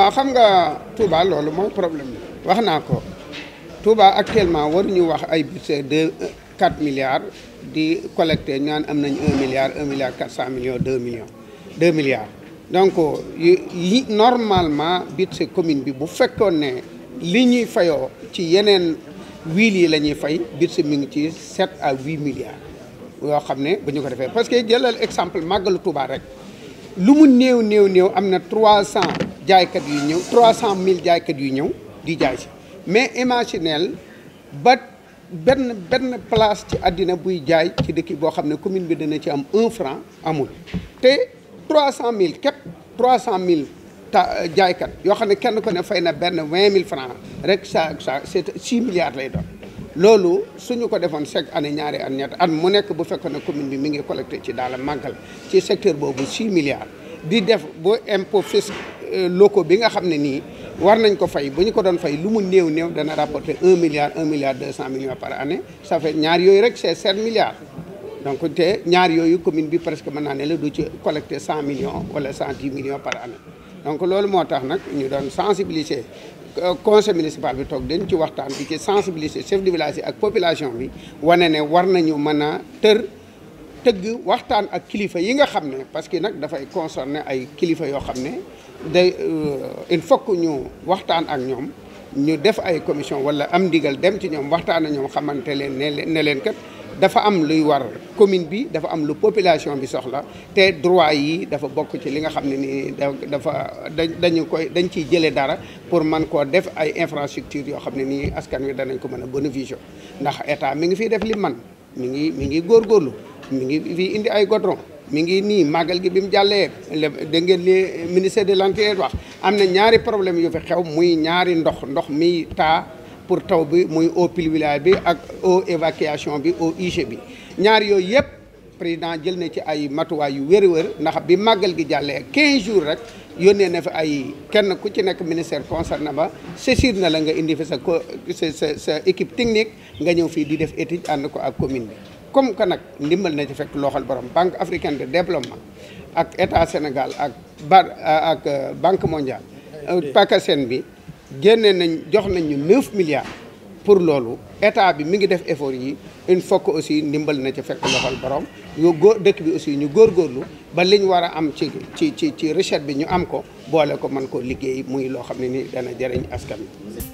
waa xam nga Touba loolu mooy problème bi wax naa ko Touba actuellement waruñu wax ay budget de 4 milliards di collecte ñu naan am nañ 1 milliard 1 milliard 400 millions 2 millions 2 milliards. donc yi normalement budget commune bi bu fekkoon ne li ñuy fayoo ci yeneen wiil yi la ñuy fay budget mi ngi ci 7 à 8 milliards yoo xam ne bu ñu ko defee parce que jëlal exemple màggalu Touba rek lu mu néew néew néew am na 300. jaaykat yu ñëw trois cent mille jaaykat yu ñëw di jaay si mais imaginel ba benn benn place ci àddina buy jaay ci dëkk boo xam ne commune bi dana ci am un franc amul te trois cent mille képp trois cent mille ta jaaykat yoo xam ne kenn ko ne fay na benn vingt mille franc rek sa sa c'est six milliards lay doon loolu suñu ko defoon chaque année ñaari at ñett at mu nekk bu fekkoon ne commune bi mi ngi collecté ci daal màggal ci secteur boobu six milliards di def ba impôt fisc euh, locaux bi nga xam ne nii war nañ ko fey bu ñu ko doon fay lu mu néew néew dana rapporter un milliard un milliard deux cent millions par année ça fait ñaar yooyu rek c'est sept milliards donc te ñaar yooyu commune bi presque mën naa ne la du ci collecter cent millions wala cent dix millions par année donc loolu moo tax nag ñu doon sensibiliser conseil municipal bi toog dañ ci waxtaan bi ci sensibiliser chef de village yi ak population bi wane ne war nañu mën a tër tëgg waxtaan ak kilifa yi nga xam ne parce que nag dafay concerner ay kilifa yoo xam ne day euh, il faut que ñu waxtaan ak ñoom ñu def ay commission wala am ndigal dem ci ñoom waxtaan ak ñoom xamante leen ne ne leen kat dafa am luy war commune bi dafa am lu population bi soxla te droit yi dafa bokk ci li nga xam ne nii dafa dañ koy dañ ciy jëlee dara pour man koo def ay infrastructure yoo xam ne nii askan wi danañ ko mën a bénéficier ndax état mi ngi fiy def li man mi ngi mi ngi góorgóorlu mu ngi fi indi ay goudron mi ngi nii màggal gi bi mu jàllee da ngeen li ministère de l'intérieur wax am na ñaari problème yu fi xew muy ñaari ndox ndox mi taa pour taw bi muy eau pluviale bi ak eau évacuation bi eau usée bi ñaar yooyu yëpp président jël na ci ay matuwaay yu wér-wér ndax bi màggal gi jàllee 15 jours rek yónnee na fi ay kenn ku ci nekk ministère concerné ba saisir na la nga indi fi sa sa sa équipe technique nga ñëw fii di def étude ànd ko ak commune bi. comme que nag ndimbal na ci fekk looxal borom banque africaine de développement ak état Sénégal ak bar euh, ak euh, banque mondiale euh, PACASEN bi génne nañ jox nañ ñu neuf milliards pour loolu état bi mi ngi def effort yi il faut aussi ndimbal na ci fekk loxol borom yoo góor dëkk bi aussi ñu góor góorlu ba liñ war a am ci ci ci ci recette bi ñu am ko boole ko mën ko liggéey muy loo xam ne ni dana jëriñ askan wi